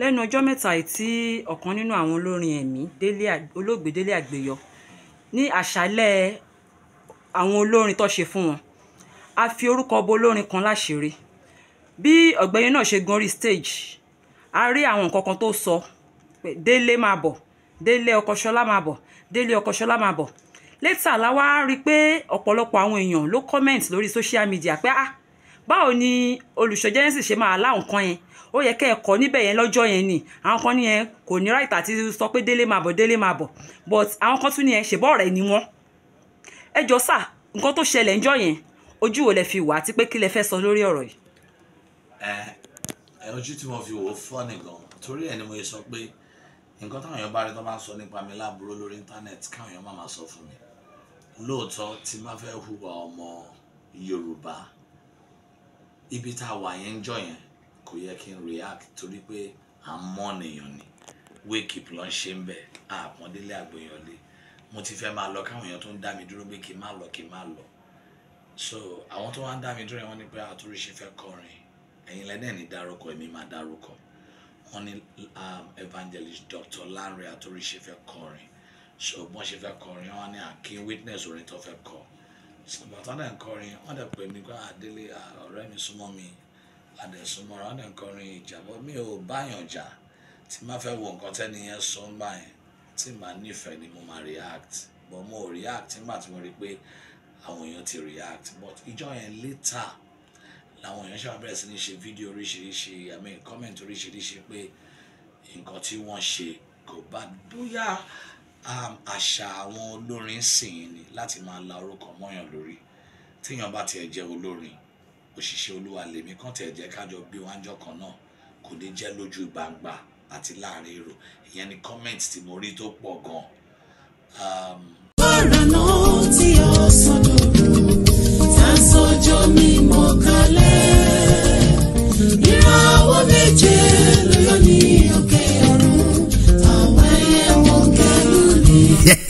lẹ́nu ọjọ́ mẹ́ta yìí tí ọ̀kan nínú àwọn olórin ẹ̀mí olóògbé Délé Àgbéyọ ní àṣálẹ́ àwọn olórin tó ṣe fún wọn a fi orúkọ bo olórin kan láṣìírí bí ọ̀gbẹ́ni náà ṣe gorí stage a rí àwọn nǹkan kan tó sọ pé Délé máa bọ̀ Délé Ọkọṣọlá máa bọ̀ Délé Ọkọṣọlá máa bọ̀ létà la wá rí i pé ọ̀pọ̀lọpọ̀ àwọn èèyàn ló comment lórí social media pé ah báwo ni olùṣọ́jẹ́ yẹn sì ṣe máa láwọn kan yẹn ó yẹ kẹ́ ẹ kọ́ níbẹ̀ yẹn lọ́jọ́ yẹn ni àwọn kan nìyẹn kò ní ráìtà tí sọ pé délé máa bọ̀ délé máa bọ̀ but àwọn kan tún nìyẹn ṣèbọ̀ ọ̀rẹ́ ni wọ́n ẹ jọ sà nǹkan tó ṣẹlẹ̀ ńjọ́ yẹn ojú wo lẹ fi wà àti pé kí lẹ fẹ́ sọ lórí ọ̀rọ̀ yìí. ẹ ẹ ojú tí mo fi wò ó fọ́ nìkan torí ẹ ni mo sọ pé nǹkan táwọn èèyàn bá rí tó bá ń sọ nípa mi láàbúrò lórí íńtánẹ́ẹ̀tì káwọn èèyàn má máa sọ fún mi lóòótọ́ tí má fẹ́ hùwà ọmọ Yorùbá ibi tá a wà yẹn jọ yẹn kò yẹ kí n react torí pé à ń mọ́nìyàn ni wake up ló ń ṣe ń bẹ̀ àpọ́ndélé àgbéyànlé mo ti fẹ́ máa lọ káwọn èèyàn tó ń dá mi dúró pé kí n má lọ kí n má lọ so àwọn tó wá ń dá mi dúró yẹn wọ́n ní pé àtúrìṣe fẹ́ kọrin ẹ̀yin lẹ́dẹ̀ ní dárúkọ èmi máa dárúkọ wọ́n ní um, evangelist Dr. Lanre àtúrìṣe fẹ́ kọrin so bọ́n ṣe fẹ́ kọrin wọ́n ní àkín ah, witness orin tó fẹ́ kọ bàtàn dẹ̀ ń kọrin wọ́n dẹ̀ pè mí pé àdélé ah, ah, ọ̀rẹ́ mi súnmọ́ mi àdẹ̀súnmọ́ra wọ́n dẹ̀ ń kọrin ìjàbọ̀ mi ò báyàn jà tí má fẹ́ wo nǹkan tẹ́ni yẹn sọ ń báyẹn tí màá nífẹ̀ẹ́ ni mo máa react but mo react nígbà tí mo rí pé àwọn èèyàn ti react but ìjọ yẹn later làwọn èèyàn ṣáà bẹ̀rẹ̀ sí ní ṣe fídíò oríṣiríṣi i mean comment oríṣiríṣi pé nǹkan tí wọ́n ṣe kò bá bóyá àṣà àwọn olórin sìn ni láti máa la orúkọ mọ́yàn lórí tíyàn bá tiẹ̀ jẹ́ olórin òṣìṣẹ́ olúwa lèmi kàn tiẹ̀ jẹ́ kájọ gbé wájọ́ kan náà kò ní jẹ́ lójú gbangba àti láàrin èrò ìyẹn ni comment tí mo rí tó pọ̀ gan-an. tí ó sọ̀rọ̀ tá a sọ́jọ́ mímọ́ kalẹ̀.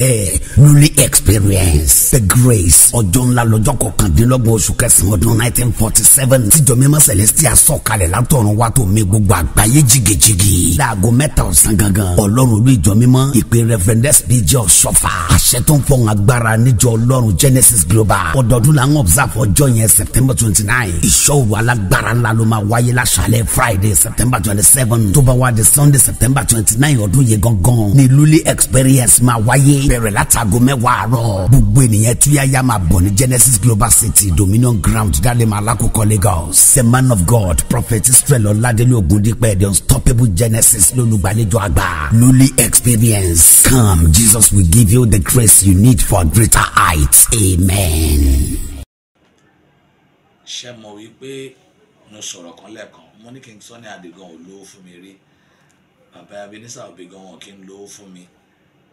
Nous eh, les experience the grace ọjọ́ ńlá lọ́jọ́ kọkàndínlọ́gbọ̀n oṣù kẹsàn-án ọdún nineteen forty seven tíjọ mímọ́ celestial sọ̀kalẹ̀ látọ̀run wá tó mi gbogbo àgbáyé jìgìjìgì láago mẹ́ta ọ̀sán gangan ọlọ́run olú ìjọ mímọ́ ìpè reverend sbj ọ̀ṣọ́fà àṣẹ tó ń fọ̀hún agbára níjọ ọlọ́run genesis global ọdọọdún la ń observe ọjọ́ yẹn september twenty nine ìṣòro alágbára ńlá ló máa wáyé láṣálẹ̀ friday september twenty seven tó bá wá di sunday september twenty nine ọdún yẹn gangan ni lulẹ̀ experience máa wáyé bẹ̀rẹ̀ látago mẹ́wàá láàárọ̀ gbogbo ènìyàn tí yáyá máa bọ̀ ní Genesis Global City Dominion Ground dalema alakoko Lagos the man of God prophet Israel ọ̀làdélé ògúndípẹ̀ the unstoppable Genesis lólùgbàlejò àgbà lulí experience come Jesus will give you the grace you need for greater heights amen. ṣé mo wí mo sọ̀rọ̀ kan lẹ́ẹ̀kan mo sọ ní adigan ò fún mi rí bàbá Ebenezer òbí wọn kì í lówó fún mi.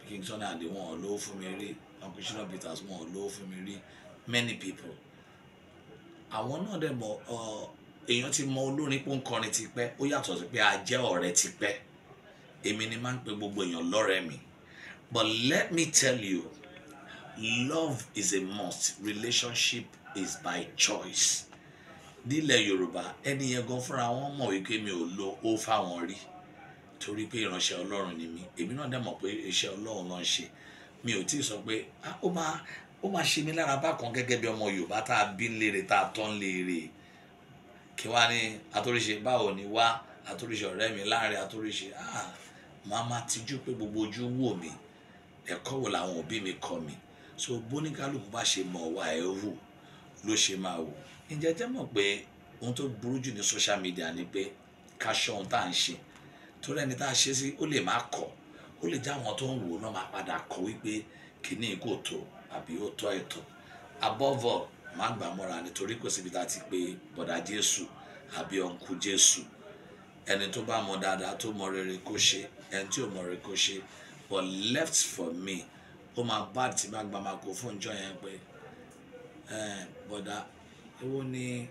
King Sunny Adé wọn ò lówó for me. rí Uncle Shina Peters wọn ò lówó for me. rí many people I want náà dẹ̀ mọ̀ uh, èèyàn ti mọ olórin pé ó ń kọrin tipẹ́ ó yàtọ̀ sí pé a jẹ́ ọ̀rẹ́ tipẹ́ èmi ni máa ń pe gbogbo èèyàn lọ́rẹ́ mi but let me tell you love is a must relationship is by choice nílẹ̀ Yoruba, ẹni yẹn gan fúnra wọn mọ̀ wípé mi ò lo ó fáwọn rí torí pé ìránṣẹ́ Ọlọ́run ni mí èmi náà dẹ̀ mọ̀ pé iṣẹ́ Ọlọ́run ló ń ṣe mi ò tí ì sọ pé ó máa ó máa ṣe mí lára bákan gẹ́gẹ́ bí ọmọ Yorùbá tá a bí léèrè tá a tán léèrè kí wá ní atóríṣe báwo ni wá atóríṣe ọ̀rẹ́ mi láàrin atóríṣe ah màá máa tijú pé gbogbo ojú wò mí ẹ̀kọ́ wo làwọn òbí mi kọ́ mi so bóníkálùkù bá ṣe mọ̀ wá ẹ̀ wù ló ṣe máa wù ǹjẹ́ jẹ́ mọ̀ pé ohun tó burú jù ní social media ni pé ká ṣọ́ ohun tá à ń ṣe torí ẹni tá a ṣe sí ó lè má kọ̀ ó lè já àwọn tó ń wò náà máa padà kọ̀ wípé kìíní kò tó àbí ó tọ́ ẹ̀tọ́ above má gbà mọ́ra nítorí kò síbi tá a ti pè bọ̀dá jésù àbí ọ̀nkú jésù ẹni tó bá mọ dáadáa tó mọ rere kó ṣe ẹni tí ò mọ rere kó ṣe but left for me ó máa bá tí má gba máa kó fún ìjọ yẹn pé bọ̀dá ewo ni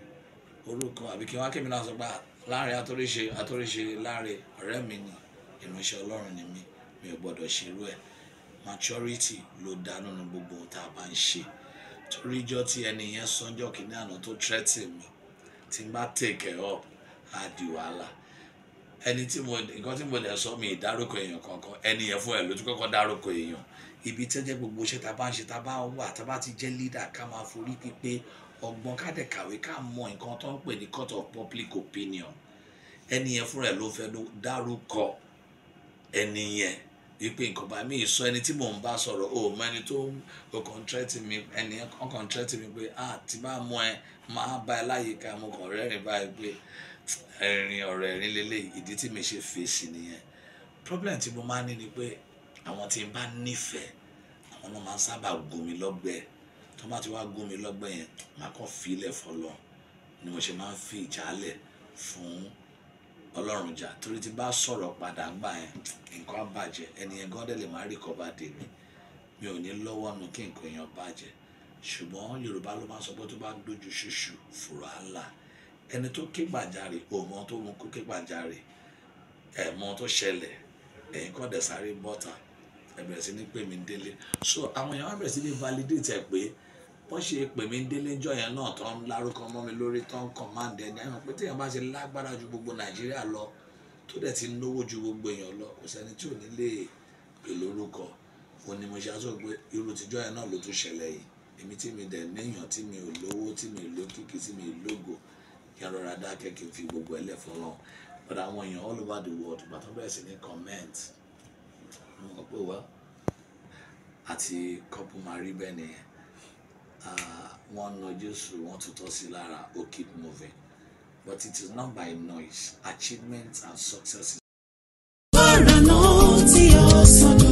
orúkọ àbí kí wọ́n á kémi náà sọ pé ah, Láre Atóríṣe Atóríṣe Láre ọ̀rẹ́ mi ni ìránṣẹ́ Ọlọ́run ni mí mi ò gbọ́dọ̀ ṣerú ẹ̀ maturity ló dá nínú gbogbo tá a bá ń ṣe torí ijọ́ tí ẹni yẹn sọ́njọ́ kìíní àná tó threaten mi tí n bá take it up á di wàhálà ẹni tí mo nǹkan tí mo dẹ̀ sọ mi ìdárúkọ èèyàn kankan ẹni yẹn fún ẹ lójú kọ́kọ́ dárúkọ èèyàn ibi tẹ́jẹ́ gbogbo ṣe tá a bá ń ṣe tá a bá wà tá a bá ti jẹ́ leader ká máa forí pípé ọgbọ́n ká dẹ̀ kàwé ká mọ nǹkan tó ń pè ní court of public opinion ẹni yẹn fúnra ẹ̀ ló fẹ́ dárúkọ ẹni yẹn wípé nǹkan bá mi sọ ẹni tí mò ń bá sọ̀rọ̀ oh, o mọ ẹni tó o kọ̀ǹtrẹ́tì mi ẹni ọ̀ kọ̀ǹtrẹ́tì mi pé a ah, ti bá mọ ẹ máa bá ẹ láyìíká mo kàn rẹ́rìn báyìí pé ẹ̀rìn ọ̀rọ̀ ẹ̀rìn lélẹ̀ ìdí tí mi ṣe fèsì nìyẹn problem tí mo máa ń ní ni pé àwọn tí n bá nífẹ̀ẹ́ àwọn náà máa sábà gún mi lọ́gbẹ̀ẹ́ tó bá ti wá gún mi lọ́gbẹ́ yẹn màá kàn filẹ̀ fọlọ́ ni mo ṣe máa ń fi ìjálẹ̀ fún ọlọ́run jà torí ti bá sọ̀rọ̀ padà gbà yẹn nǹkan á bàjẹ́ ẹni yẹn gán dẹ̀lẹ̀ máa rí kọ́ bá dé mi mi ò ní lọ́wọ́ nu kí nǹkan èèyàn bàjẹ́ ṣùgbọ́n yorùbá ló máa ń sọ pé tó bá dojú ṣíṣù fùrọ̀ á ẹni tó ké gbàjarè òmò tó mú kó ké gbàjarè ẹ̀mọ́ tó ṣẹlẹ̀ ẹ̀yin kọ́ dẹ̀ sáré bọ́ta ẹ̀bẹ̀rẹ̀ sí ní pè mí délé so àwọn èèyàn wá bẹ̀rẹ̀ sí ní validate ẹ̀ pé wọ́n ṣe pè mí délé ńjọ́ yẹn náà tó ń lárúkọ mọ́ mi lórí tó ń command ẹni àwọn pé téèyàn bá ṣe lágbára ju gbogbo nàìjíríà lọ tó dẹ̀ ti lówó ju gbogbo èèyàn lọ kò sẹ́ni tí ò ní lè pè lórúkọ òun ni mo ṣe aṣọ pé irú tìjọ́ yẹn náà ló tún ṣẹlẹ̀ yìí èmi tí mi dẹ̀ níyàn tí mi ò lówó tí mi ò lókìkí tí mi ò lógo kí rọra dákẹ́ kí fi gbogbo ẹlẹ́fọ́ but àwọn èèyàn all over the world bàtọ́ bẹ̀rẹ̀ sí ní comment àwọn kan pé wá àti kọ́pù máa rí bẹ́ẹ̀ nìyẹn wọ́n ń nà Jésù wọ́n tutọ́ sí lára ó keep moving but it is not by noise achievement and success. Bọ́ọ̀rọ̀ náà tí ó sọ̀dọ̀.